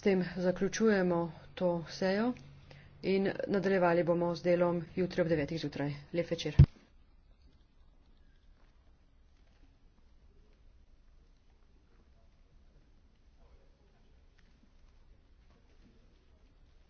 S tem zaključujemo to sejo in nadaljevali bomo z delom jutri ob 9.00 zjutraj. Lep večer.